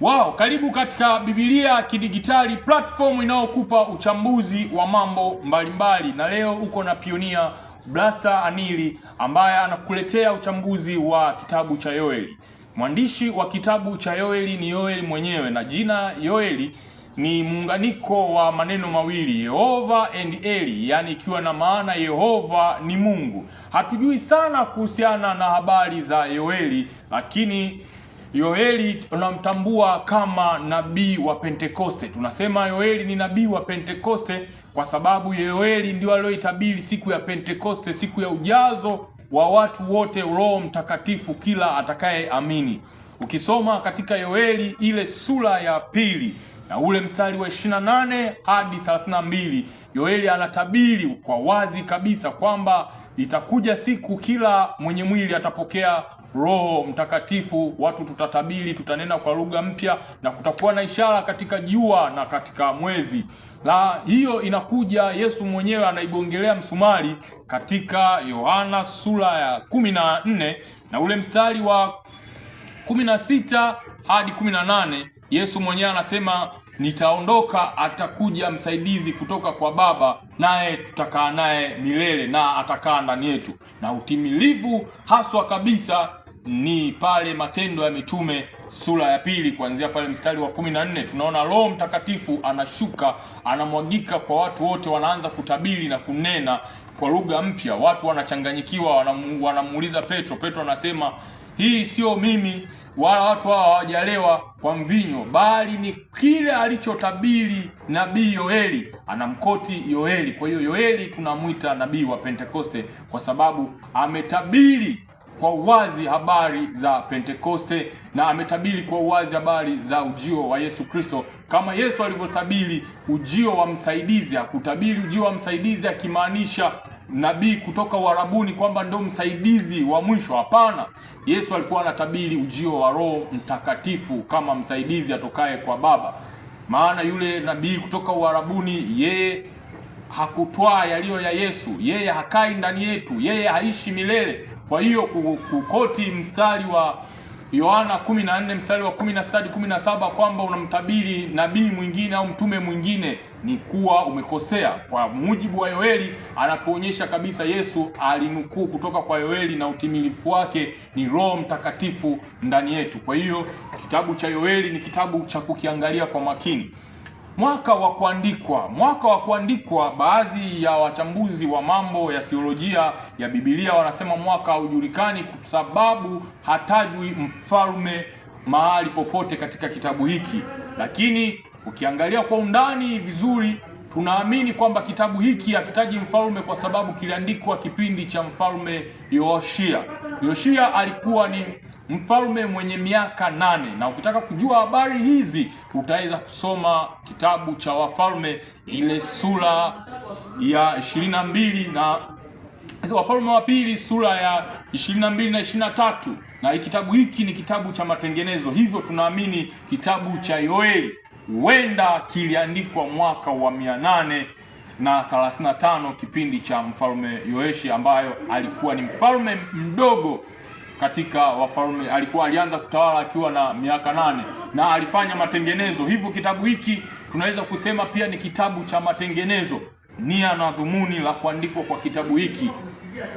Wow, karibu katika Biblia Kidigitali, platform inayokupa uchambuzi wa mambo mbalimbali, na leo uko na pionia Blaster Anili ambaye anakuletea uchambuzi wa kitabu cha Yoeli. Mwandishi wa kitabu cha Yoeli ni Yoeli mwenyewe, na jina Yoeli ni muunganiko wa maneno mawili Yehova and Eli, yaani ikiwa na maana Yehova ni Mungu. Hatujui sana kuhusiana na habari za Yoeli, lakini Yoeli tunamtambua kama nabii wa Pentekoste. Tunasema Yoeli ni nabii wa Pentekoste kwa sababu Yoeli ndio aliyoitabiri siku ya Pentekoste, siku ya ujazo wa watu wote Roho Mtakatifu, kila atakayeamini. Ukisoma katika Yoeli ile sura ya pili na ule mstari wa 28 hadi 32, Yoeli anatabiri kwa wazi kabisa kwamba Itakuja siku kila mwenye mwili atapokea Roho Mtakatifu, watu tutatabiri, tutanena kwa lugha mpya, na kutakuwa na ishara katika jua na katika mwezi. Na hiyo inakuja, Yesu mwenyewe anaigongelea msumari katika Yohana sura ya kumi na nne na ule mstari wa kumi na sita hadi kumi na nane Yesu mwenyewe anasema nitaondoka, atakuja msaidizi kutoka kwa Baba, naye tutakaa naye milele na atakaa ndani yetu. Na utimilivu haswa kabisa ni pale Matendo ya Mitume sura ya pili kuanzia pale mstari wa kumi na nne tunaona Roho Mtakatifu anashuka anamwagika kwa watu wote, wanaanza kutabiri na kunena kwa lugha mpya. Watu wanachanganyikiwa, wanamuuliza Petro. Petro anasema hii sio mimi wala watu hawa hawajalewa kwa mvinyo, bali ni kile alichotabiri nabii Yoeli. Anamkoti Yoeli. Kwa hiyo Yoeli tunamwita nabii wa Pentekoste kwa sababu ametabiri kwa uwazi habari za Pentekoste na ametabiri kwa uwazi habari za ujio wa Yesu Kristo, kama Yesu alivyotabiri ujio wa msaidizi. Akutabiri ujio wa msaidizi akimaanisha nabii kutoka Uarabuni kwamba ndo msaidizi wa mwisho. Hapana, Yesu alikuwa anatabiri ujio wa Roho Mtakatifu kama msaidizi atokaye kwa Baba. Maana yule nabii kutoka Uarabuni yeye hakutwaa yaliyo ya Yesu, yeye hakai ndani yetu, yeye haishi milele. Kwa hiyo kukoti mstari wa Yohana 14 mstari wa 16 hadi 17 kwamba unamtabiri nabii mwingine au mtume mwingine, ni kuwa umekosea. Kwa mujibu wa Yoeli, anatuonyesha kabisa Yesu alinukuu kutoka kwa Yoeli na utimilifu wake ni Roho Mtakatifu ndani yetu. Kwa hiyo kitabu cha Yoeli ni kitabu cha kukiangalia kwa makini. Mwaka wa kuandikwa. Mwaka wa kuandikwa, baadhi ya wachambuzi wa mambo ya siolojia ya Biblia wanasema mwaka haujulikani kwa sababu hatajwi mfalme mahali popote katika kitabu hiki, lakini ukiangalia kwa undani vizuri, tunaamini kwamba kitabu hiki hakitaji mfalme kwa sababu kiliandikwa kipindi cha mfalme Yoshia. Yoshia alikuwa ni mfalme mwenye miaka nane. Na ukitaka kujua habari hizi utaweza kusoma kitabu cha Wafalme ile sura ya ishirini na mbili na Wafalme wa Pili sura ya ishirini na mbili na ishirini na tatu na kitabu hiki ni kitabu cha matengenezo, hivyo tunaamini kitabu cha Yoeli huenda kiliandikwa mwaka wa mia nane na 35 kipindi cha mfalme Yoeshi, ambayo alikuwa ni mfalme mdogo katika wafalme. Alikuwa alianza kutawala akiwa na miaka nane na alifanya matengenezo. Hivyo kitabu hiki tunaweza kusema pia ni kitabu cha matengenezo. Nia na dhumuni la kuandikwa kwa kitabu hiki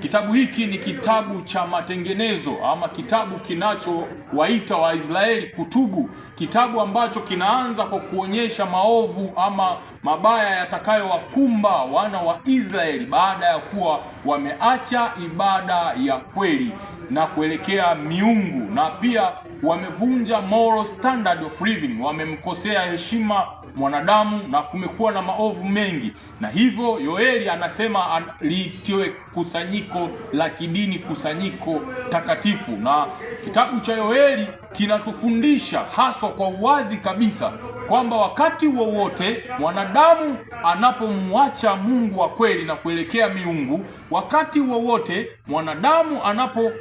Kitabu hiki ni kitabu cha matengenezo ama kitabu kinachowaita Waisraeli kutubu, kitabu ambacho kinaanza kwa kuonyesha maovu ama mabaya yatakayowakumba wana wa Israeli baada ya kuwa wameacha ibada ya kweli na kuelekea miungu, na pia wamevunja moral standard of living, wamemkosea heshima mwanadamu na kumekuwa na maovu mengi, na hivyo Yoeli anasema an, liitiwe kusanyiko la kidini, kusanyiko takatifu. Na kitabu cha Yoeli kinatufundisha haswa kwa uwazi kabisa kwamba wakati wowote mwanadamu anapomwacha Mungu wa kweli na kuelekea miungu, wakati wowote mwanadamu anapo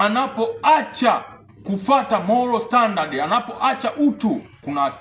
anapoacha kufata moral standard, anapoacha utu, kuna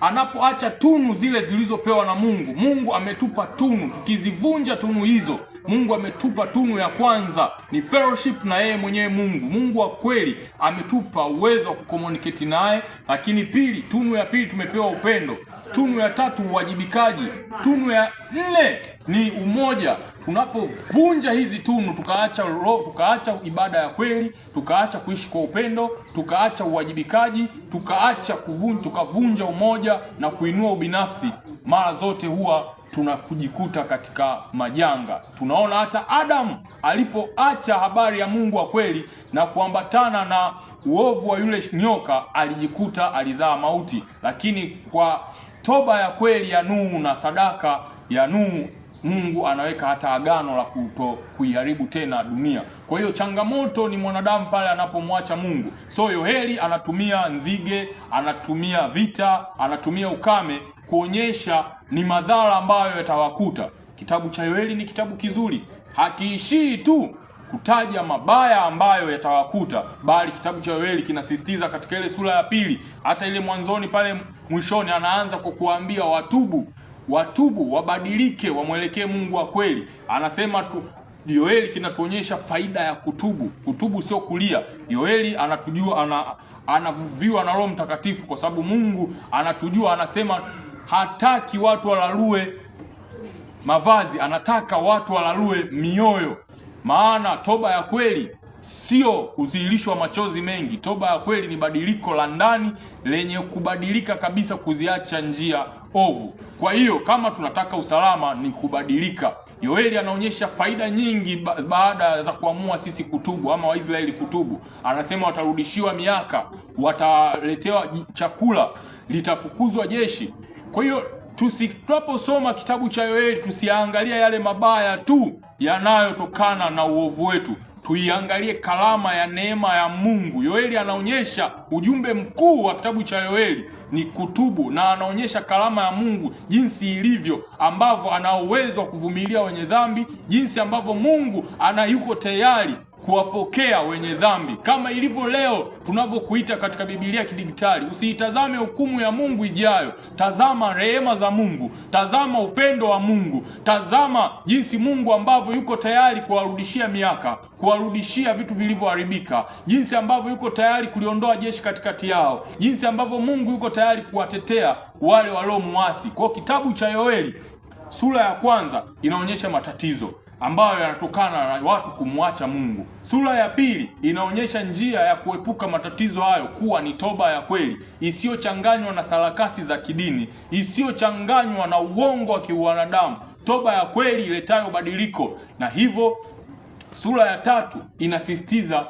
anapoacha tunu zile zilizopewa na Mungu. Mungu ametupa tunu, tukizivunja tunu hizo, Mungu ametupa tunu ya kwanza ni fellowship na yeye mwenyewe Mungu. Mungu wa kweli ametupa uwezo wa kucommunicate naye, lakini pili, tunu ya pili tumepewa upendo, tunu ya tatu uwajibikaji, tunu ya nne ni umoja tunapovunja hizi tunu tukaacha roho, tukaacha ibada ya kweli, tukaacha kuishi kwa upendo, tukaacha uwajibikaji, tukaacha kuvunja, tukavunja umoja na kuinua ubinafsi, mara zote huwa tunakujikuta katika majanga. Tunaona hata Adamu alipoacha habari ya Mungu wa kweli na kuambatana na uovu wa yule nyoka, alijikuta alizaa mauti, lakini kwa toba ya kweli ya Nuhu na sadaka ya Nuhu Mungu anaweka hata agano la kuto kuiharibu tena dunia. Kwa hiyo changamoto ni mwanadamu pale anapomwacha Mungu. So Yoheli anatumia nzige, anatumia vita, anatumia ukame kuonyesha ni madhara ambayo yatawakuta. Kitabu cha Yoeli ni kitabu kizuri, hakiishii tu kutaja mabaya ambayo yatawakuta, bali kitabu cha Yoeli kinasisitiza katika ile sura ya pili, hata ile mwanzoni pale mwishoni, anaanza kwa kuwaambia watubu watubu, wabadilike, wamwelekee Mungu wa kweli. Anasema tu Yoeli kinatuonyesha faida ya kutubu. Kutubu sio kulia. Yoeli anatujua ana, anavuviwa na Roho Mtakatifu kwa sababu Mungu anatujua, anasema hataki watu walalue mavazi, anataka watu walalue mioyo. Maana toba ya kweli sio wa machozi mengi. Toba ya kweli ni badiliko la ndani lenye kubadilika kabisa, kuziacha njia ovu. Kwa hiyo kama tunataka usalama ni kubadilika. Yoeli anaonyesha faida nyingi ba baada za kuamua sisi kutubu ama Waisraeli kutubu. Anasema watarudishiwa miaka, wataletewa chakula, litafukuzwa jeshi. Kwa hiyo tusitraposoma kitabu cha Yoeli tusiangalia yale mabaya tu yanayotokana na uovu wetu, tuiangalie karama ya neema ya Mungu. Yoeli anaonyesha ujumbe mkuu wa kitabu cha Yoeli ni kutubu, na anaonyesha karama ya Mungu jinsi ilivyo, ambavyo ana uwezo wa kuvumilia wenye dhambi, jinsi ambavyo Mungu ana yuko tayari kuwapokea wenye dhambi, kama ilivyo leo tunavyokuita katika Biblia kidigitali. Usiitazame hukumu ya Mungu ijayo, tazama rehema za Mungu, tazama upendo wa Mungu, tazama jinsi Mungu ambavyo yuko tayari kuwarudishia miaka, kuwarudishia vitu vilivyoharibika, jinsi ambavyo yuko tayari kuliondoa jeshi katikati yao, jinsi ambavyo Mungu yuko tayari kuwatetea wale waliomuasi. Kwa kitabu cha Yoeli sura ya kwanza inaonyesha matatizo ambayo yanatokana na watu kumwacha Mungu. Sura ya pili inaonyesha njia ya kuepuka matatizo hayo kuwa ni toba ya kweli isiyochanganywa na sarakasi za kidini, isiyochanganywa na uongo wa kiwanadamu, toba ya kweli iletayo badiliko. Na hivyo sura ya tatu inasisitiza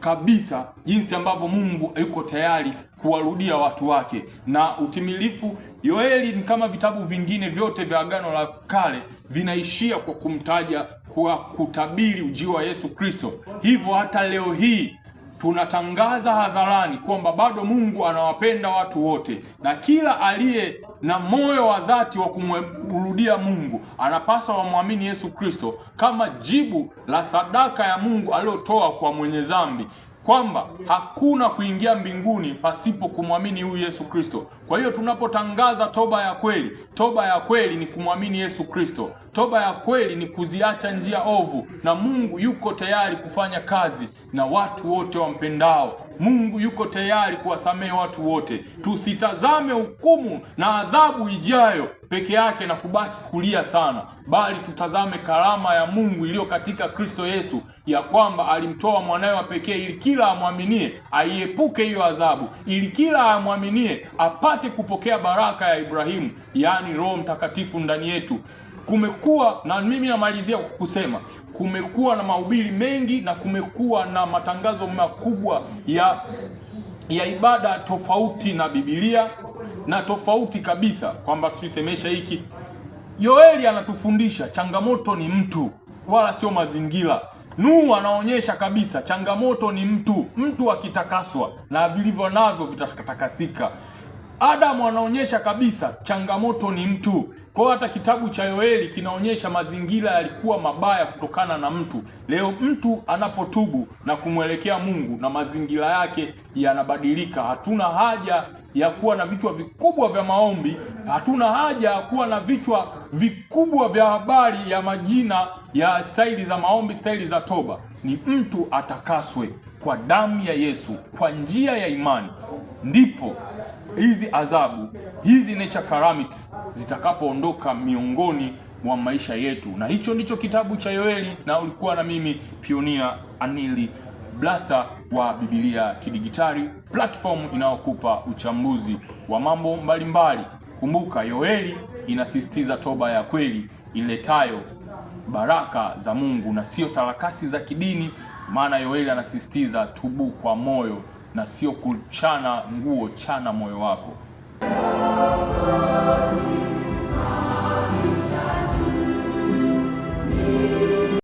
kabisa jinsi ambavyo Mungu yuko tayari kuwarudia watu wake na utimilifu. Yoeli ni kama vitabu vingine vyote vya Agano la Kale vinaishia kwa kumtaja, kwa kutabiri ujio wa Yesu Kristo. Hivyo hata leo hii tunatangaza hadharani kwamba bado Mungu anawapenda watu wote, na kila aliye na moyo wa dhati wa kumrudia Mungu anapaswa wamwamini Yesu Kristo kama jibu la sadaka ya Mungu aliyotoa kwa mwenye dhambi kwamba hakuna kuingia mbinguni pasipo kumwamini huyu Yesu Kristo. Kwa hiyo tunapotangaza toba ya kweli, toba ya kweli ni kumwamini Yesu Kristo. Toba ya kweli ni kuziacha njia ovu, na Mungu yuko tayari kufanya kazi na watu wote wampendao Mungu yuko tayari kuwasamehe watu wote. Tusitazame hukumu na adhabu ijayo peke yake na kubaki kulia sana, bali tutazame karama ya Mungu iliyo katika Kristo Yesu, ya kwamba alimtoa mwanawe wa pekee ili kila amwaminie aiepuke hiyo adhabu, ili kila amwaminie apate kupokea baraka ya Ibrahimu, yaani Roho Mtakatifu ndani yetu. Kumekuwa na mimi namalizia kwa kusema kumekuwa na mahubiri mengi na kumekuwa na matangazo makubwa ya ya ibada tofauti na Biblia na tofauti kabisa, kwamba tusisemesha hiki. Yoeli anatufundisha changamoto ni mtu wala sio mazingira. Nuhu anaonyesha kabisa changamoto ni mtu, mtu akitakaswa na vilivyo navyo vitatakasika. Adamu anaonyesha kabisa changamoto ni mtu, kwa hata kitabu cha Yoeli kinaonyesha mazingira yalikuwa mabaya kutokana na mtu. Leo mtu anapotubu na kumwelekea Mungu na mazingira yake yanabadilika. Hatuna haja ya kuwa na vichwa vikubwa vya maombi, hatuna haja ya kuwa na vichwa vikubwa vya habari ya majina ya staili za maombi, staili za toba. Ni mtu atakaswe kwa damu ya Yesu, kwa njia ya imani, ndipo hizi adhabu hizi nature calamities zitakapoondoka miongoni mwa maisha yetu. Na hicho ndicho kitabu cha Yoeli, na ulikuwa na mimi Pionia Anili Blaster wa Biblia Kidigitali, platform inayokupa uchambuzi wa mambo mbalimbali. Kumbuka, Yoeli inasisitiza toba ya kweli iletayo baraka za Mungu na sio sarakasi za kidini. Maana Yoeli anasisitiza tubu kwa moyo na sio kuchana nguo, chana moyo wako.